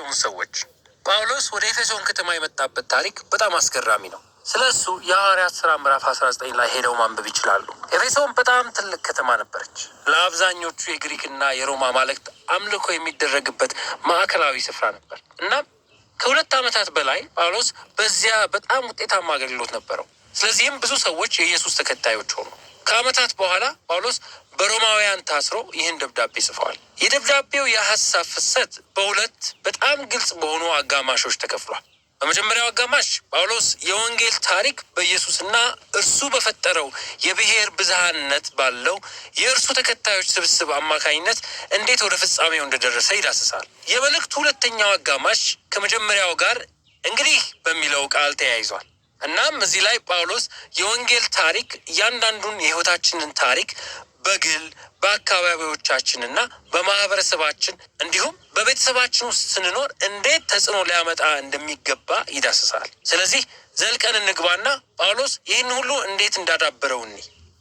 ያላቸውን ሰዎች ጳውሎስ ወደ ኤፌሶን ከተማ የመጣበት ታሪክ በጣም አስገራሚ ነው። ስለ እሱ የሐዋርያት ሥራ ምዕራፍ 19 ላይ ሄደው ማንበብ ይችላሉ። ኤፌሶን በጣም ትልቅ ከተማ ነበረች። ለአብዛኞቹ የግሪክና የሮማ ማለክት አምልኮ የሚደረግበት ማዕከላዊ ስፍራ ነበር እና ከሁለት ዓመታት በላይ ጳውሎስ በዚያ በጣም ውጤታማ አገልግሎት ነበረው። ስለዚህም ብዙ ሰዎች የኢየሱስ ተከታዮች ሆኑ። ከዓመታት በኋላ ጳውሎስ በሮማውያን ታስሮ ይህን ደብዳቤ ጽፈዋል። የደብዳቤው የሀሳብ ፍሰት በሁለት በጣም ግልጽ በሆኑ አጋማሾች ተከፍሏል። በመጀመሪያው አጋማሽ ጳውሎስ የወንጌል ታሪክ በኢየሱስና እርሱ በፈጠረው የብሔር ብዝሃነት ባለው የእርሱ ተከታዮች ስብስብ አማካኝነት እንዴት ወደ ፍጻሜው እንደደረሰ ይዳስሳል። የመልእክቱ ሁለተኛው አጋማሽ ከመጀመሪያው ጋር እንግዲህ በሚለው ቃል ተያይዟል። እናም እዚህ ላይ ጳውሎስ የወንጌል ታሪክ እያንዳንዱን የሕይወታችንን ታሪክ በግል በአካባቢዎቻችንና በማህበረሰባችን እንዲሁም በቤተሰባችን ውስጥ ስንኖር እንዴት ተጽዕኖ ሊያመጣ እንደሚገባ ይዳስሳል። ስለዚህ ዘልቀን እንግባና ጳውሎስ ይህን ሁሉ እንዴት እንዳዳበረው እኒ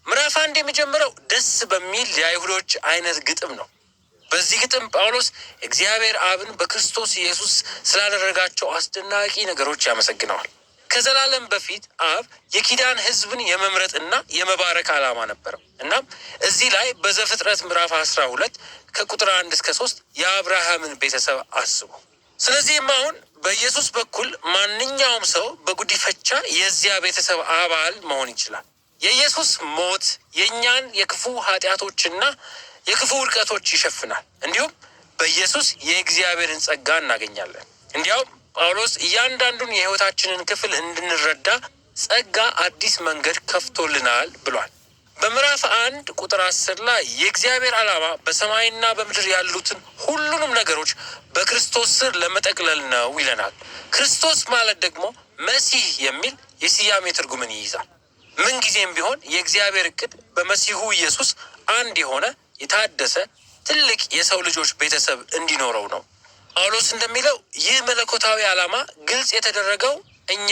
ምዕራፍ አንድ የሚጀምረው ደስ በሚል የአይሁዶች አይነት ግጥም ነው። በዚህ ግጥም ጳውሎስ እግዚአብሔር አብን በክርስቶስ ኢየሱስ ስላደረጋቸው አስደናቂ ነገሮች ያመሰግነዋል። ከዘላለም በፊት አብ የኪዳን ህዝብን የመምረጥና የመባረክ ዓላማ ነበረው። እናም እዚህ ላይ በዘፍጥረት ምዕራፍ አስራ ሁለት ከቁጥር አንድ እስከ ሶስት የአብርሃምን ቤተሰብ አስቡ። ስለዚህም አሁን በኢየሱስ በኩል ማንኛውም ሰው በጉዲፈቻ የዚያ ቤተሰብ አባል መሆን ይችላል። የኢየሱስ ሞት የእኛን የክፉ ኃጢአቶችና የክፉ ውድቀቶች ይሸፍናል። እንዲሁም በኢየሱስ የእግዚአብሔርን ጸጋ እናገኛለን። እንዲያውም ጳውሎስ እያንዳንዱን የህይወታችንን ክፍል እንድንረዳ ጸጋ አዲስ መንገድ ከፍቶልናል ብሏል። በምዕራፍ አንድ ቁጥር አስር ላይ የእግዚአብሔር ዓላማ በሰማይና በምድር ያሉትን ሁሉንም ነገሮች በክርስቶስ ስር ለመጠቅለል ነው ይለናል። ክርስቶስ ማለት ደግሞ መሲህ የሚል የስያሜ ትርጉምን ይይዛል። ምንጊዜም ቢሆን የእግዚአብሔር እቅድ በመሲሁ ኢየሱስ አንድ የሆነ የታደሰ ትልቅ የሰው ልጆች ቤተሰብ እንዲኖረው ነው። ጳውሎስ እንደሚለው ይህ መለኮታዊ ዓላማ ግልጽ የተደረገው እኛ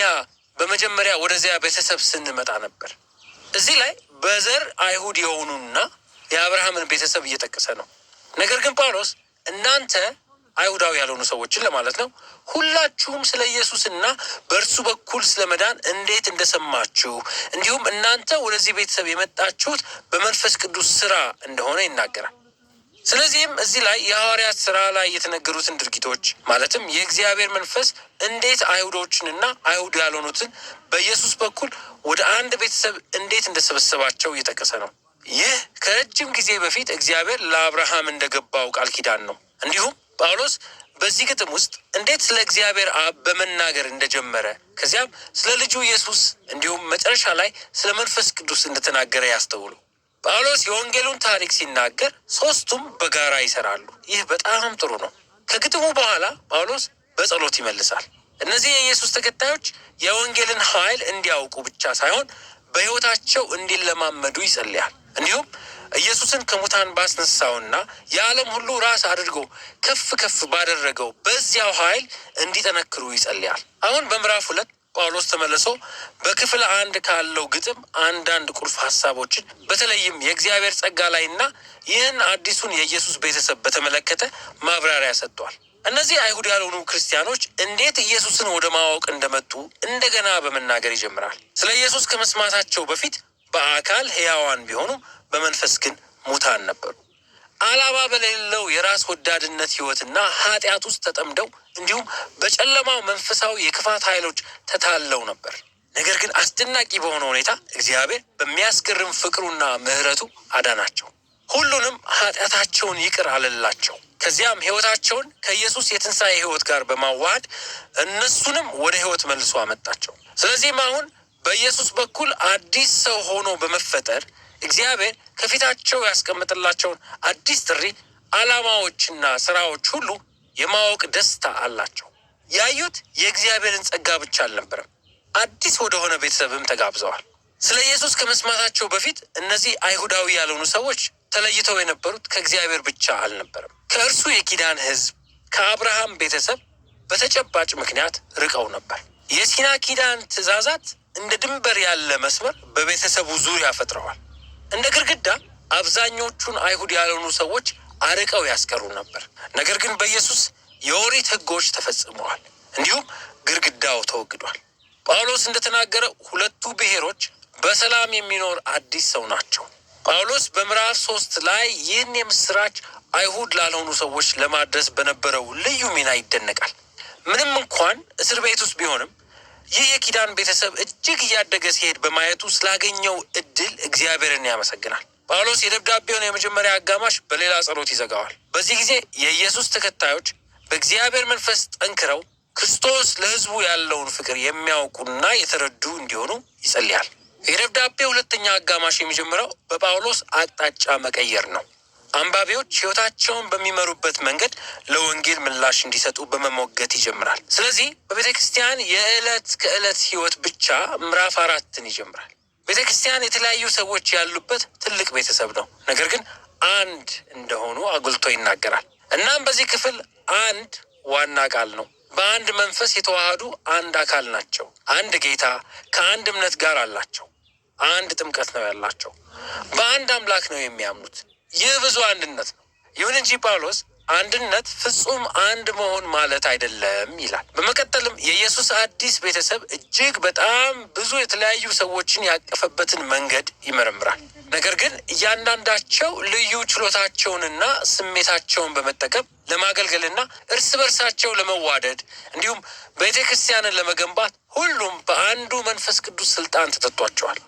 በመጀመሪያ ወደዚያ ቤተሰብ ስንመጣ ነበር። እዚህ ላይ በዘር አይሁድ የሆኑና የአብርሃምን ቤተሰብ እየጠቀሰ ነው። ነገር ግን ጳውሎስ እናንተ አይሁዳዊ ያልሆኑ ሰዎችን ለማለት ነው፣ ሁላችሁም ስለ ኢየሱስና በእርሱ በኩል ስለ መዳን እንዴት እንደሰማችሁ እንዲሁም እናንተ ወደዚህ ቤተሰብ የመጣችሁት በመንፈስ ቅዱስ ስራ እንደሆነ ይናገራል። ስለዚህም እዚህ ላይ የሐዋርያት ስራ ላይ የተነገሩትን ድርጊቶች ማለትም የእግዚአብሔር መንፈስ እንዴት አይሁዶችንና አይሁድ ያልሆኑትን በኢየሱስ በኩል ወደ አንድ ቤተሰብ እንዴት እንደሰበሰባቸው እየጠቀሰ ነው። ይህ ከረጅም ጊዜ በፊት እግዚአብሔር ለአብርሃም እንደገባው ቃል ኪዳን ነው። እንዲሁም ጳውሎስ በዚህ ግጥም ውስጥ እንዴት ስለ እግዚአብሔር አብ በመናገር እንደጀመረ ከዚያም ስለ ልጁ ኢየሱስ እንዲሁም መጨረሻ ላይ ስለ መንፈስ ቅዱስ እንደተናገረ ያስተውሉ። ጳውሎስ የወንጌሉን ታሪክ ሲናገር ሶስቱም በጋራ ይሰራሉ። ይህ በጣም ጥሩ ነው። ከግጥሙ በኋላ ጳውሎስ በጸሎት ይመልሳል። እነዚህ የኢየሱስ ተከታዮች የወንጌልን ኃይል እንዲያውቁ ብቻ ሳይሆን በሕይወታቸው እንዲለማመዱ ይጸልያል። እንዲሁም ኢየሱስን ከሙታን ባስነሳውና የዓለም ሁሉ ራስ አድርጎ ከፍ ከፍ ባደረገው በዚያው ኃይል እንዲጠነክሩ ይጸልያል። አሁን በምዕራፍ ሁለት ጳውሎስ ተመልሶ በክፍል አንድ ካለው ግጥም አንዳንድ ቁልፍ ሀሳቦችን በተለይም የእግዚአብሔር ጸጋ ላይና ይህን አዲሱን የኢየሱስ ቤተሰብ በተመለከተ ማብራሪያ ሰጥቷል። እነዚህ አይሁድ ያልሆኑ ክርስቲያኖች እንዴት ኢየሱስን ወደ ማወቅ እንደመጡ እንደገና በመናገር ይጀምራል። ስለ ኢየሱስ ከመስማታቸው በፊት በአካል ሕያዋን ቢሆኑ በመንፈስ ግን ሙታን ነበሩ። ዓላማ በሌለው የራስ ወዳድነት ህይወትና ኃጢአት ውስጥ ተጠምደው እንዲሁም በጨለማው መንፈሳዊ የክፋት ኃይሎች ተታለው ነበር። ነገር ግን አስደናቂ በሆነ ሁኔታ እግዚአብሔር በሚያስገርም ፍቅሩና ምሕረቱ አዳናቸው። ሁሉንም ኃጢአታቸውን ይቅር አለላቸው። ከዚያም ህይወታቸውን ከኢየሱስ የትንሣኤ ህይወት ጋር በማዋሃድ እነሱንም ወደ ህይወት መልሶ አመጣቸው። ስለዚህም አሁን በኢየሱስ በኩል አዲስ ሰው ሆኖ በመፈጠር እግዚአብሔር ከፊታቸው ያስቀምጥላቸውን አዲስ ጥሪ፣ ዓላማዎችና ስራዎች ሁሉ የማወቅ ደስታ አላቸው። ያዩት የእግዚአብሔርን ጸጋ ብቻ አልነበረም፣ አዲስ ወደሆነ ቤተሰብም ተጋብዘዋል። ስለ ኢየሱስ ከመስማታቸው በፊት እነዚህ አይሁዳዊ ያልሆኑ ሰዎች ተለይተው የነበሩት ከእግዚአብሔር ብቻ አልነበረም። ከእርሱ የኪዳን ሕዝብ ከአብርሃም ቤተሰብ በተጨባጭ ምክንያት ርቀው ነበር። የሲና ኪዳን ትእዛዛት እንደ ድንበር ያለ መስመር በቤተሰቡ ዙሪያ ፈጥረዋል። እንደ ግድግዳ አብዛኞቹን አይሁድ ያልሆኑ ሰዎች አርቀው ያስቀሩ ነበር። ነገር ግን በኢየሱስ የኦሪት ሕጎች ተፈጽመዋል፣ እንዲሁም ግድግዳው ተወግዷል። ጳውሎስ እንደተናገረ ሁለቱ ብሔሮች በሰላም የሚኖር አዲስ ሰው ናቸው። ጳውሎስ በምዕራፍ ሶስት ላይ ይህን የምስራች አይሁድ ላልሆኑ ሰዎች ለማድረስ በነበረው ልዩ ሚና ይደነቃል። ምንም እንኳን እስር ቤት ውስጥ ቢሆንም ይህ የኪዳን ቤተሰብ እጅግ እያደገ ሲሄድ በማየቱ ስላገኘው እድል እግዚአብሔርን ያመሰግናል። ጳውሎስ የደብዳቤውን የመጀመሪያ አጋማሽ በሌላ ጸሎት ይዘጋዋል። በዚህ ጊዜ የኢየሱስ ተከታዮች በእግዚአብሔር መንፈስ ጠንክረው ክርስቶስ ለሕዝቡ ያለውን ፍቅር የሚያውቁና የተረዱ እንዲሆኑ ይጸልያል። የደብዳቤ ሁለተኛ አጋማሽ የሚጀምረው በጳውሎስ አቅጣጫ መቀየር ነው። አንባቢዎች ሕይወታቸውን በሚመሩበት መንገድ ለወንጌል ምላሽ እንዲሰጡ በመሞገት ይጀምራል። ስለዚህ በቤተ ክርስቲያን የዕለት ከዕለት ሕይወት ብቻ ምዕራፍ አራትን ይጀምራል። ቤተ ክርስቲያን የተለያዩ ሰዎች ያሉበት ትልቅ ቤተሰብ ነው፣ ነገር ግን አንድ እንደሆኑ አጉልቶ ይናገራል። እናም በዚህ ክፍል አንድ ዋና ቃል ነው። በአንድ መንፈስ የተዋሃዱ አንድ አካል ናቸው። አንድ ጌታ ከአንድ እምነት ጋር አላቸው። አንድ ጥምቀት ነው ያላቸው። በአንድ አምላክ ነው የሚያምኑት። ይህ ብዙ አንድነት ነው። ይሁን እንጂ ጳውሎስ አንድነት ፍጹም አንድ መሆን ማለት አይደለም ይላል። በመቀጠልም የኢየሱስ አዲስ ቤተሰብ እጅግ በጣም ብዙ የተለያዩ ሰዎችን ያቀፈበትን መንገድ ይመረምራል። ነገር ግን እያንዳንዳቸው ልዩ ችሎታቸውንና ስሜታቸውን በመጠቀም ለማገልገልና እርስ በርሳቸው ለመዋደድ እንዲሁም ቤተ ክርስቲያንን ለመገንባት ሁሉም በአንዱ መንፈስ ቅዱስ ስልጣን ተሰጥቷቸዋል።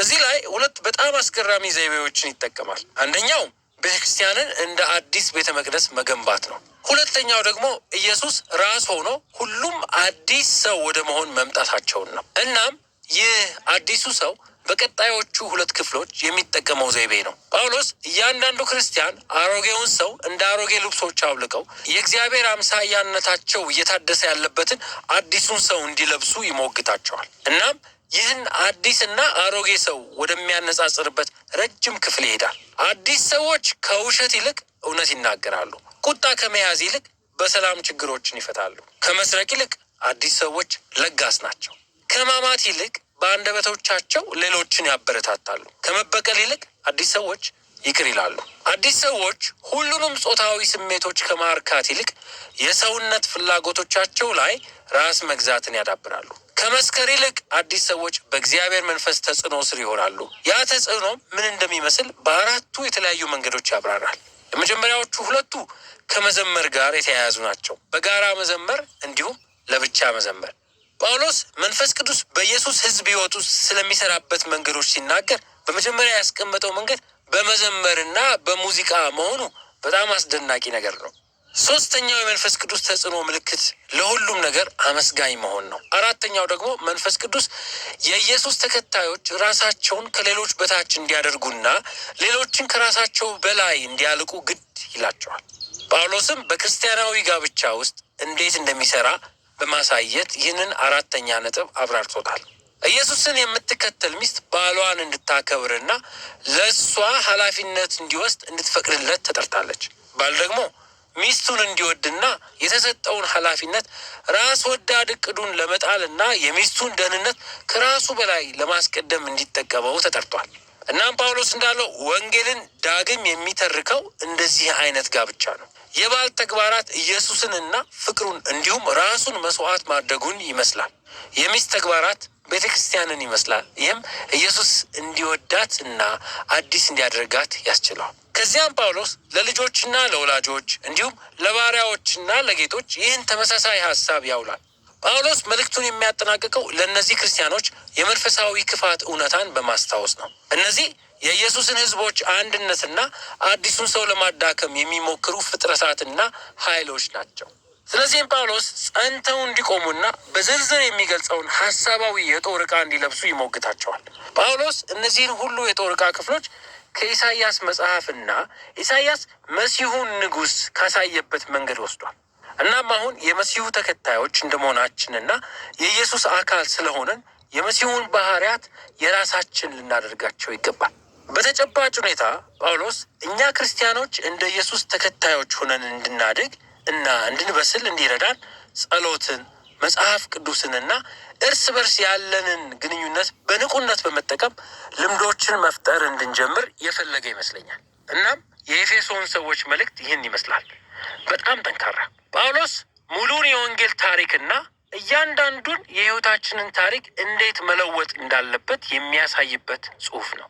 እዚህ ላይ ሁለት በጣም አስገራሚ ዘይቤዎችን ይጠቀማል። አንደኛው ቤተክርስቲያንን እንደ አዲስ ቤተ መቅደስ መገንባት ነው። ሁለተኛው ደግሞ ኢየሱስ ራስ ሆኖ ሁሉም አዲስ ሰው ወደ መሆን መምጣታቸውን ነው። እናም ይህ አዲሱ ሰው በቀጣዮቹ ሁለት ክፍሎች የሚጠቀመው ዘይቤ ነው። ጳውሎስ እያንዳንዱ ክርስቲያን አሮጌውን ሰው እንደ አሮጌ ልብሶች አውልቀው የእግዚአብሔር አምሳያነታቸው እየታደሰ ያለበትን አዲሱን ሰው እንዲለብሱ ይሞግታቸዋል። እናም ይህን አዲስና አሮጌ ሰው ወደሚያነጻጽርበት ረጅም ክፍል ይሄዳል። አዲስ ሰዎች ከውሸት ይልቅ እውነት ይናገራሉ። ቁጣ ከመያዝ ይልቅ በሰላም ችግሮችን ይፈታሉ። ከመስረቅ ይልቅ አዲስ ሰዎች ለጋስ ናቸው። ከማማት ይልቅ በአንደበቶቻቸው ሌሎችን ያበረታታሉ። ከመበቀል ይልቅ አዲስ ሰዎች ይቅር ይላሉ። አዲስ ሰዎች ሁሉንም ጾታዊ ስሜቶች ከማርካት ይልቅ የሰውነት ፍላጎቶቻቸው ላይ ራስ መግዛትን ያዳብራሉ። ከመስከር ይልቅ አዲስ ሰዎች በእግዚአብሔር መንፈስ ተጽዕኖ ስር ይሆናሉ። ያ ተጽዕኖ ምን እንደሚመስል በአራቱ የተለያዩ መንገዶች ያብራራል። የመጀመሪያዎቹ ሁለቱ ከመዘመር ጋር የተያያዙ ናቸው፣ በጋራ መዘመር እንዲሁም ለብቻ መዘመር። ጳውሎስ መንፈስ ቅዱስ በኢየሱስ ሕዝብ ሕይወት ውስጥ ስለሚሰራበት መንገዶች ሲናገር በመጀመሪያ ያስቀመጠው መንገድ በመዘመርና በሙዚቃ መሆኑ በጣም አስደናቂ ነገር ነው። ሶስተኛው የመንፈስ ቅዱስ ተጽዕኖ ምልክት ለሁሉም ነገር አመስጋኝ መሆን ነው። አራተኛው ደግሞ መንፈስ ቅዱስ የኢየሱስ ተከታዮች ራሳቸውን ከሌሎች በታች እንዲያደርጉና ሌሎችን ከራሳቸው በላይ እንዲያልቁ ግድ ይላቸዋል። ጳውሎስም በክርስቲያናዊ ጋብቻ ውስጥ እንዴት እንደሚሰራ በማሳየት ይህንን አራተኛ ነጥብ አብራርቶታል። ኢየሱስን የምትከተል ሚስት ባሏን እንድታከብርና ለእሷ ኃላፊነት እንዲወስድ እንድትፈቅድለት ተጠርታለች። ባል ደግሞ ሚስቱን እንዲወድና የተሰጠውን ኃላፊነት ራስ ወዳድ እቅዱን ለመጣልና የሚስቱን ደህንነት ከራሱ በላይ ለማስቀደም እንዲጠቀመው ተጠርቷል። እናም ጳውሎስ እንዳለው ወንጌልን ዳግም የሚተርከው እንደዚህ አይነት ጋብቻ ነው። የባል ተግባራት ኢየሱስንና ፍቅሩን እንዲሁም ራሱን መስዋዕት ማድረጉን ይመስላል። የሚስት ተግባራት ቤተ ክርስቲያንን ይመስላል። ይህም ኢየሱስ እንዲወዳት እና አዲስ እንዲያደርጋት ያስችለዋል። ከዚያም ጳውሎስ ለልጆችና ለወላጆች እንዲሁም ለባሪያዎችና ለጌቶች ይህን ተመሳሳይ ሀሳብ ያውላል። ጳውሎስ መልእክቱን የሚያጠናቅቀው ለእነዚህ ክርስቲያኖች የመንፈሳዊ ክፋት እውነታን በማስታወስ ነው። እነዚህ የኢየሱስን ሕዝቦች አንድነትና አዲሱን ሰው ለማዳከም የሚሞክሩ ፍጥረታትና ኃይሎች ናቸው። ስለዚህም ጳውሎስ ጸንተው እንዲቆሙና በዝርዝር የሚገልጸውን ሀሳባዊ የጦር ዕቃ እንዲለብሱ ይሞግታቸዋል። ጳውሎስ እነዚህን ሁሉ የጦር ዕቃ ክፍሎች ከኢሳይያስ መጽሐፍና ኢሳይያስ መሲሁን ንጉሥ ካሳየበት መንገድ ወስዷል። እናም አሁን የመሲሁ ተከታዮች እንደመሆናችንና የኢየሱስ አካል ስለሆነን የመሲሁን ባህሪያት የራሳችን ልናደርጋቸው ይገባል። በተጨባጭ ሁኔታ ጳውሎስ እኛ ክርስቲያኖች እንደ ኢየሱስ ተከታዮች ሆነን እንድናድግ እና እንድንበስል እንዲረዳን ጸሎትን፣ መጽሐፍ ቅዱስንና እርስ በርስ ያለንን ግንኙነት በንቁነት በመጠቀም ልምዶችን መፍጠር እንድንጀምር የፈለገ ይመስለኛል። እናም የኤፌሶን ሰዎች መልእክት ይህን ይመስላል። በጣም ጠንካራ ጳውሎስ ሙሉን የወንጌል ታሪክና እያንዳንዱን የሕይወታችንን ታሪክ እንዴት መለወጥ እንዳለበት የሚያሳይበት ጽሑፍ ነው።